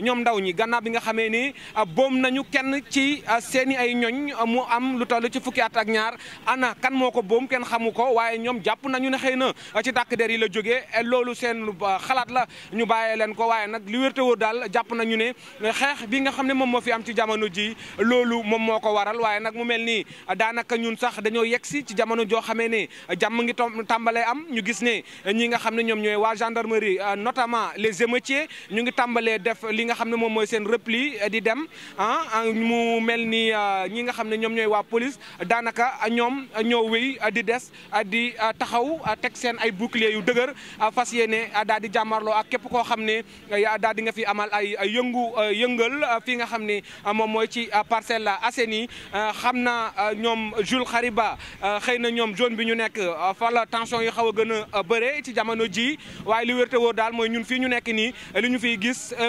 ñoom ndaw ñi gannaaw bi nga xamee ni ah, boom nañu kenn ci ah, seen ay ñoñ ah, mu am lu toll ci fukki at ak ñaar ana kan moo ko boom kenn xamu ko waaye ñoom jàpp nañu ne xëy na ci tàkk der yi la jógee eh, loolu seen xalaat la ñu bàyyee leen ko waaye nag li wérte daal jàpp nañu ne eh, xeex bi nga xam ne moom moo fi am ci jamono ji loolu moom moo ko waral waaye nag mu mel ni daanaka ñun sax dañoo yegg si ci jamono joo xamee ne jàmm ngi tàmbalee am ñu gis ne ñi nga xam ne ñoom ñooy waa gendarmerie notamment les ci ñu ngi tàmbalee def fi nga xam ne moom mooy seen repli eh, di dem ah, ah mu mel ni ah, ñi nga xam ne ñoom ñooy waa police daanaka ñoom ñoo wéy ah, di des a di taxaw a teg seen ay bouclier yu dëgër fas yéene daal di jàmmarloo ak képp koo xam ne daal di nga fi amal ay yëngu yëngal fi nga xam ne moom mooy ci parcelle Parcelles Assainies xam na ñoom Jules xariba xëy na ñoom zone bi ñu nekk fa la tension yi xaw a gën a bëre ci jamono ji waaye li wérte daal mooy ñun fii ñu nekk nii li ñu fiy gis eh,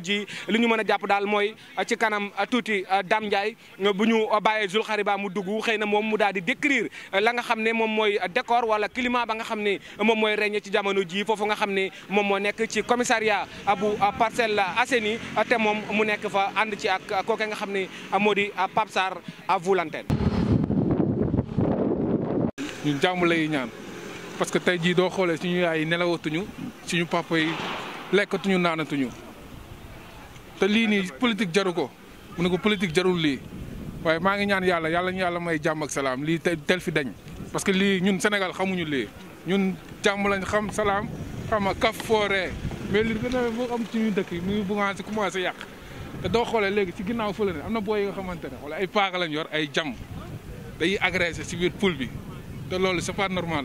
technologie li ñu mëna japp dal moy euh, ci kanam euh, tuuti euh, dam Ndiaye bu ñu bàyyee Zul Khariba mu duggu xeyna mom mu daldi di décrire la nga xam ne moy décor wala climat ba nga xam ne moy mooy ci jamono ji fofu nga xam ne mo nek ci commissariat abu parcelle Assainies té mom mu nek fa and ci ak ke nga xam ne moo di Pape Sarr ñu jamm lay ñaan parce que tey jii doo xoolee suñu yaay nelawatuñu suñu papa yi lekatuñu nanatuñu te lii nii politique jaru ko mu ne ko politique jarul lii waaye maa ngi ñaan yàlla yàlla ñu yàlla may jàmm salaam lii tel fi dañ parce que lii ñun Sénégal xamuñu lii ñun jàmm lañ xam salaam xama kaf foore mais li gën a boo am ci ñu dëkk yi mu ngi commencé commencé yàq te doo xoole léegi ci ginnaaw fële ne am na boo yi nga xamante ne wala ay paaka lañ yor ay jàmm day agressé si biir poul bi te loolu c'est pas normal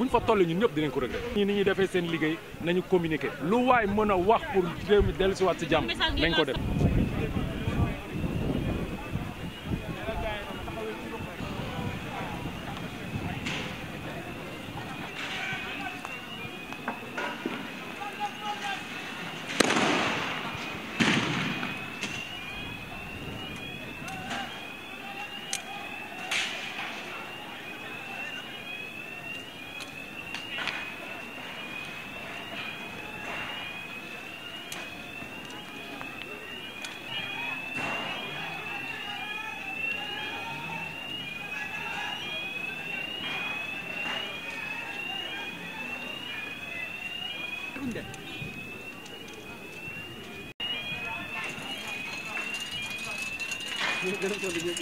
buñ fa toll ñun ñëpp dinañ ko regret ñi ni ñuy defee seen liggéey nañu communiquer lu waay mën a wax pour réew mi dellusiwaat si jàmm nañ ko def ditunda. Ini kan soalnya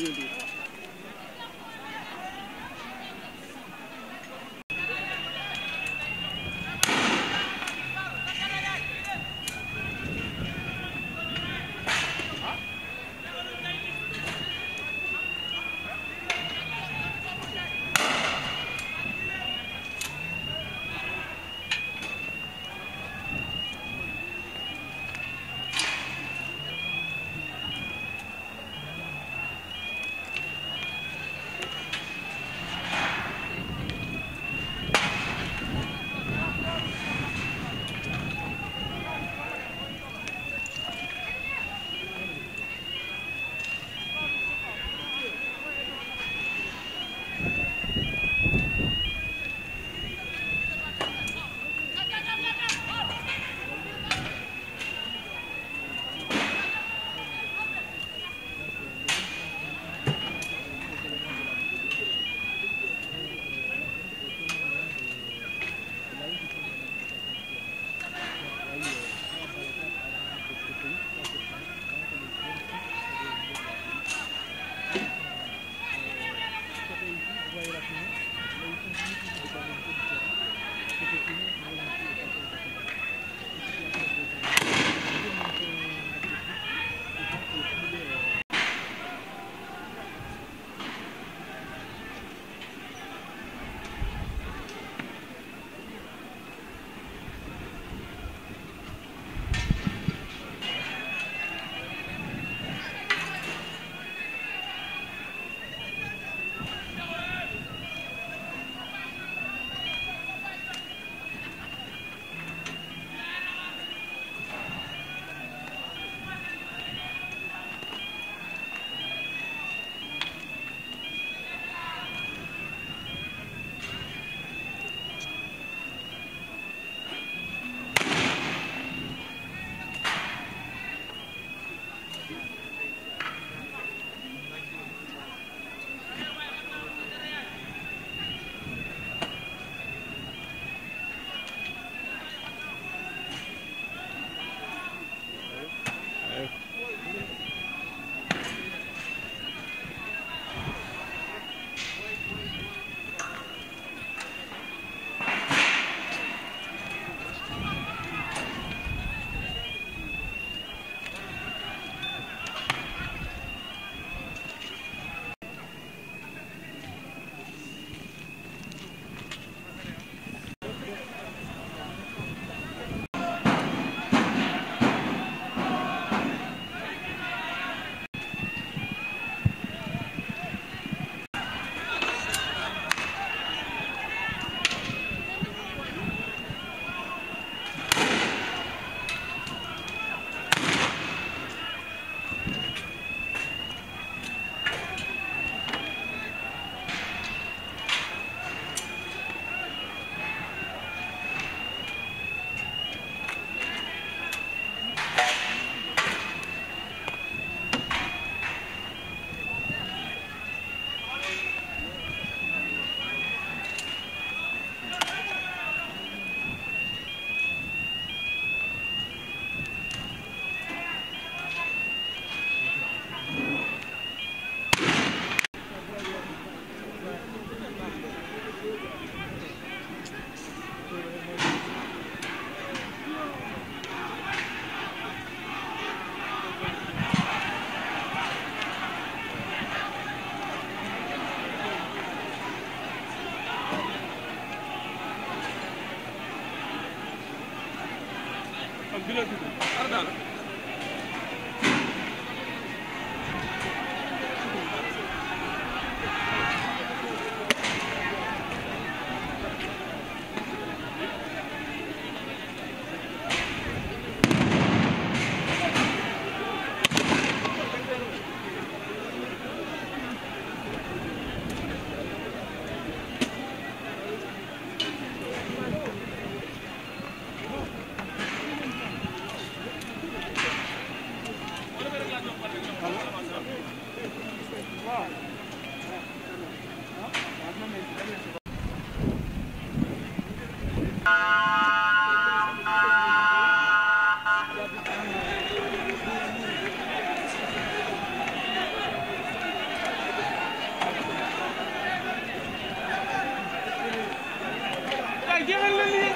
جعل لي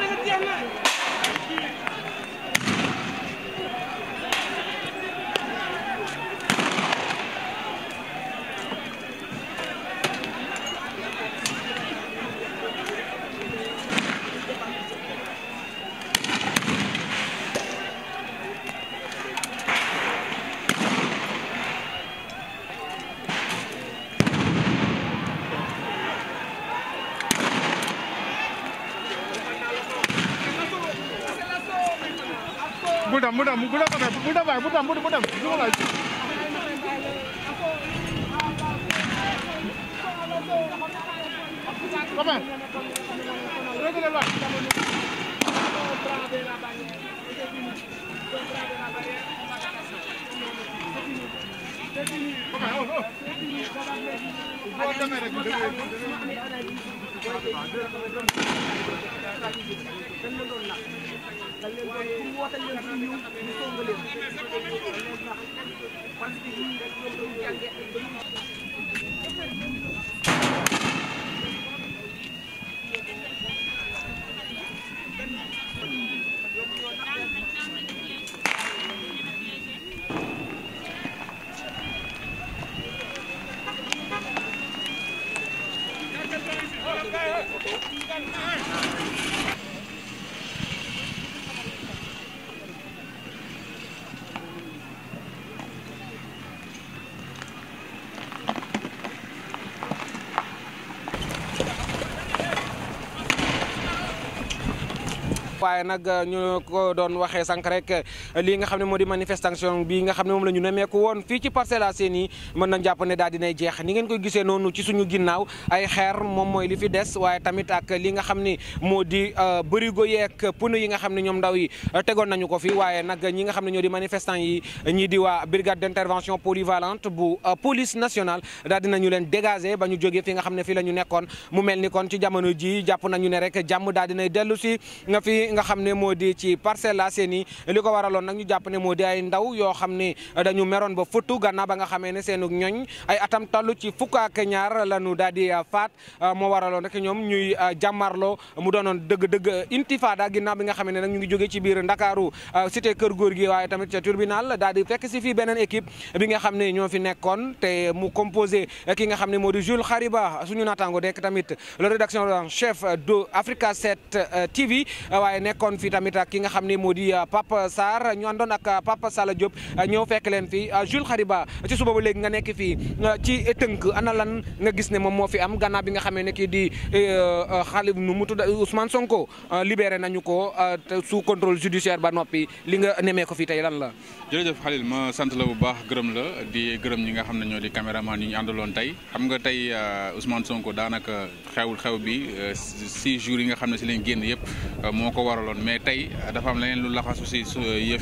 Budam, budam, budam, budam, budam, budam, budam, budam, budam. Come on. Regular one. Come on, oh, oh. da leen doon pour wootal leen suñu ñëw ñu song waaye nag euh, ñu ko doon waxee sànq rek lii nga xam ne moo di manifestation bi nga xam ne moom la ñu nemeeku woon fii ci Parcelles Assainies mën nañ jàpp ne daal dinay jeex ni ngeen koy gisee noonu ci suñu ginnaaw ay xeer moom mooy li fi des waaye tamit ak li nga xam ne moo di euh, bërigo yeeg pneu yi nga xam ne ñoom ndaw yi euh, tegoon nañu ko fi waaye nag ñi nga xam ne ñoo di manifestant yi ñii di waa brigade d'intervention polyvalente bu euh, police nationale daal ñu leen dégager ba ñu jógee fi nga xam ne fii la ñu nekkoon mu mel ni kon ci jamono ji jàpp nañu ne rek jàmm daal dinay dellu si nga fi nga xam ne moo di ci Parcelles Assainies li doon nag ñu jàpp ne moo di ay ndaw yoo xam ne dañu meroon ba futtu gannaaw ba nga xamee ne seenu ñooñ ay atam toll ci fukk ak ñaar la ñu daal di uh, faat uh, moo waraloon rek ñoom ñuy uh, jàmmarloo mu doonoon dëgg-dëgg intifada ginnaaw bi nga xamee ne nag ñu ngi jóge ci biir Ndakaaru cité kër góor gi waaye tamit ca tribunal daal di fekk si fii beneen équipe bi nga xam ne ñoo fi nekkoon te mu composé ki nga xam ne moo di Jules Khariba suñu naataango dekk tamit le rédaction en chef de Africa 7 TV waaye nekkoon fi tamit ki nga xam ne moo di Pape Sarr ñu andon ak euh, Papa Sala Diop euh, ñëw fekk len fi euh, jul Khariba ci suba bu leg nga nekk fi ci teunk ana lan nga gis ne mom mo fi am ganna bi nga xamé ne ki di xaalif nu mutu tudd Ousmane Sonko libéré nañu ko sous contrôle judiciaire ba nopi li nga némé ko fi tay lan la. jërëjëf Khalil ma sante la bu baax gërem la di gërem ñi nga xamné ne ñoo di caméraman ñi andalon tay xam nga tay Ousmane Sonko daanaka xewul xew bi six jours yi nga xamné ci si genn yépp moko waralon mais tay dafa am leneen lu laxasu si yëf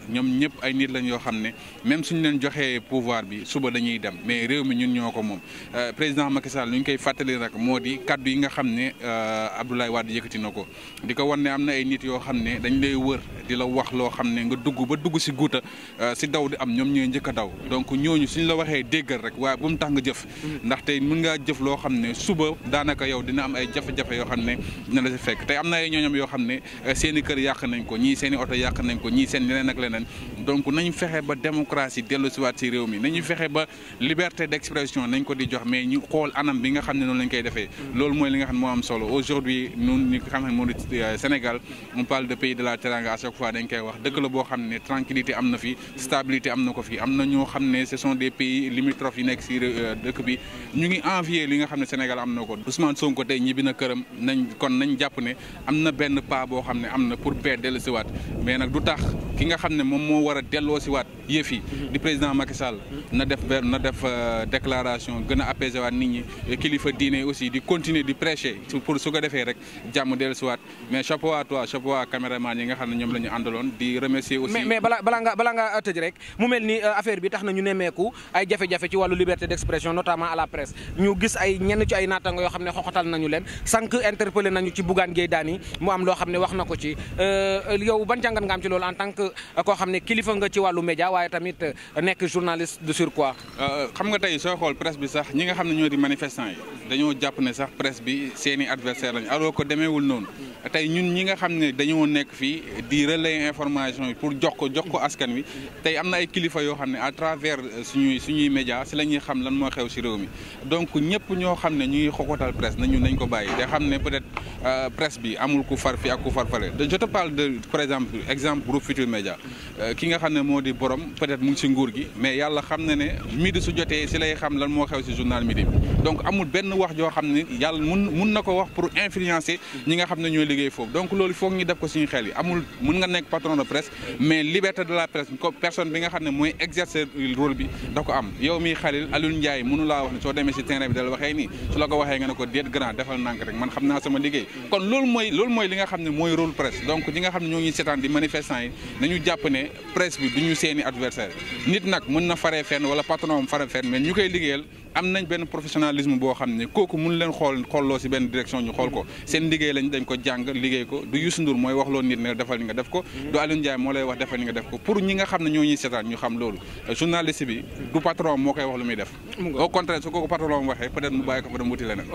ñoom ñëpp ay nit lañ yoo xam ne même suñu leen joxee pouvoir bi suba dañuy dem mais réew mi ñun ñoo ko moom euh, président Macky lu ñu koy fàttali rek moo di kaddu yi xam ne euh, Abdoulaye Wade yëkkati na ko di ko wan ne am na ay nit yoo xam ne dañ lay wër di la wax loo xam ne nga dugg ba dugg si guuta euh, si daw di am ñoom ñooy njëkk daw donc ñooñu suñ la waxee déggal rek waaye bu mu tax nga jëf mm-hmm. ndaxte mën ngaa jëf loo xam ne suba daanaka yow dina am ay jafe-jafe yoo xam ne dina la si fekk te am na ay ñooñam yoo xam ne seen i kër yàq nañ ko ñii seen i oto yàq nañ ko ñii seen leneen ak leneen leneen donc nañu fexé ba démocratie dellu siwaat si réew mi nañu fexé ba liberté d'expression nañ ko di jox mais ñu xol anam bi nga xamné ne lañ koy défé lool moy li nga xam mo am solo aujourd'hui nous ni xamné xam euh, Sénégal on parle de pays de la teranga à chaque fois dañ koy wax dëkk la bo xamné tranquillité amna fi stabilité amna ko fi amna na ñoo xam ce sont des pays limitrophes yi nekk ci euh, dëkk bi ñu ngi envier li nga xamné Sénégal amna ko Ousmane Sonko tay ñibi na kërëm nañ kon nañ japp né amna benn pas bo xamné amna am na pour paix dellu siwaat mais nak du tax ki nga xam xamne mom mo wara delo ci wat yefi mhm. di président Macky Sall mhm. na def na def euh, déclaration gëna apaiser wat nit ñi kilifa diiné aussi di continuer di prêcher pour su ko défé rek jamm del ci wat mais chapeau à toi chapeau à caméraman yi nga xamne ñom lañu andalon di remercier aussi mais mais bala bala nga bala nga euh, rek mu melni euh, affaire bi tax na ñu néméku ay jafé jafé ci walu liberté d'expression notamment à la presse ñu gis ay ñenn ci ay natango yo xamne xoxatal nañu len sank interpeller nañu ci Bougane Gueye Dani mu am lo xamne wax nako ci euh yow ban jangan nga am ci lool en tant que ko xamné kilifa nga ci walu média waye tamit euh, nek journaliste de surcroît. Euh, xam nga tay so xol presse bi sax ñi nga xamné ñoo di manifestant yi dañoo japp né sax presse bi seeni adversaire lañu alors ko déméwul non tay ñun ñi nga xamné ne dañoo nek fi di relayer information pour jox ko jox ko askan wi tay amna ay kilifa yo xamné à travers euh, suñuy suñuy média ci lañuy xam lan mo xew ci réew mi donc ñepp ñoo xamné ñuy ñu xoxotal presse nañu nañ ko bayyi te xamné peut-être presse bi amul ku far fi ak ku far fale je te parle de par exemple exemple groupe Futur Média Euh, ki nga xam ne moo di borom peut-être mu ngi ci nguur gi mais yàlla xam na ne midi su jotee ci lay xam lan moo xew ci journal midi bi donc amul benn wax joo xam yalla mën mun mun wax pour influencer ñi nga xam ñoy liggéey fofu donc loolu foog ñu def ko suñu xel yi amul mën nga nek patron de presse mais liberté de la presse ko personne bi nga xam moy mooy exercer rôle bi da ko am yow mi Khalil Alioune Ndiaye mënu laa wax ne démé ci terrain bi dala waxé ni su la ko waxé nga ne ko déet grand defal nank rek man xamna sama liggéey kon loolu moy loolu moy li nga xam moy rôle presse donc ñi nga xam ñoy ñoo ñuy di manifestant yi nañu jàpp ne presse bi du ñu seeni adversaire nit nak mën na faré fenn wala patron am faree fenn mais ñukay koy liggéeyal am nañ benn professionnalisme boo xam ne kooku mun leen xool xolloo si benn direction ñu xool ko mm-hmm. seen liggéey lañ dañ ko jàng liggéey ko du Youssou Ndour mooy wax loo nit ne defal ni nga def ko mm-hmm. du Alioune Ndiaye moo lay wax defal ni nga def ko pour ñi nga xam ne ñoo ñuy ñu xam loolu euh, journaliste bi du patron moo koy wax lu muy def au contraire su ko patron waxee peut être mu bàyyi ko fa dem wuti leneen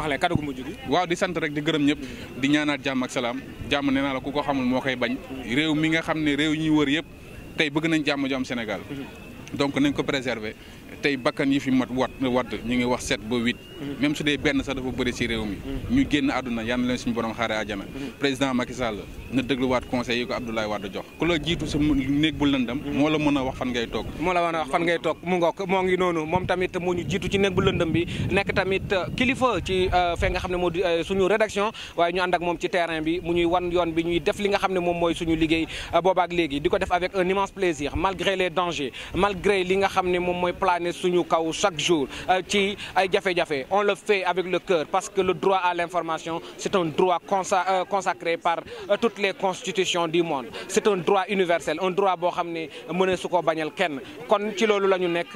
waaw di sant rek di gërëm ñëpp mm-hmm. di ñaanaat jàmm ak moo koy bañ réew mi nga xam ne réew ñuy wër yëpp tey bëgg nañ jàmm ju am Sénégal donc :fra nañ ko préserver :fra tey bakkan yi fi mot wat wadd ngi wax 7 ba 8 même su dee benn sax dafa bëri ci réew mi ñu génn àdduna yal na leen suñu borom xaare àjjana président Macky Sall na dégluwaat conseil yi ko Abdoulaye Wade jox ku la jiitu tout ce bu lëndëm moo la mën a wax fan ngay toog moo la wana a wax fan ngay toog mu ngoog moo ngi tamit moo ñu jiitu ci néeg bu lëndëm bi nekk tamit euh, kilifa ci euh, fait nga xam ne moo euh, suñu rédaction ouais, ñu andak ak ci terrain bi mu ñuy wan yoon bi ñuy def li nga xam moi, moom mooy suñu liggéey du coup, def avec un immense plaisir malgré les dangers malgré li nga xam ne moom planer suñu kaw chaque jour ci ay jafé jafé on le fait avec le cœur parce que le droit à l'information, c'est un droit euh, consacré par euh, toutes les constitutions du monde. C'est un droit universel, un droit boo xam ne mënees su ko bañal kenn kon ci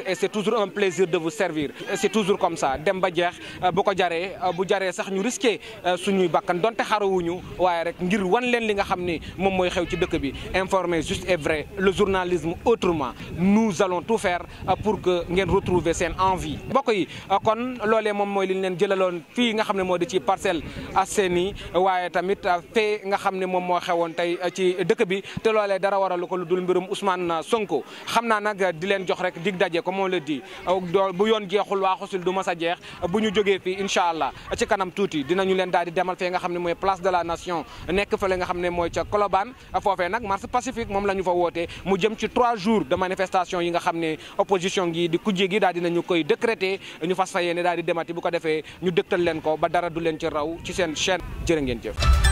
et c'est toujours un plaisir de vous servir. c'est toujours comme ça dem ba jeex euh, bu ko jaree bu risque sax ñu risqué suñuy bakkan donte xarawuñu waaye rek ngir wan leen li nga xam xew ci bi informer juste et vrai le journalisme autrement nous allons tout faire pour que nous retrouver cette envie mbokk kon l'olé moom mooy li ñu leen jëlaloon fii nga xamné ne di ci parcelle Assainies waye tamit fe nga xamné mom mo xewon tay ci dëkk bi te lolé dara waralu ko lu mbirum Ousmane Sonko xamna nak di leen jox rek dig dajé comme on le dit bu yoon jeexul waa xusul du massa a buñu joggé fi inshallah ci kanam touti dinañu leen daal di demal fee nga xamné moy place de la nation nek fa fële nga xamné moy ci ca Colobane foofee nag marche pacifique mom lañu fa woté mu jëm ci 3 jours de manifestation yi nga xamné opposition gi di kujé gi daal dinañu koy décréter ñu fas fa né daal di demati bu ko defee ñu dëgtal leen ko ba dara du leen ci raw ci seen chaîne jërë ngeen jëf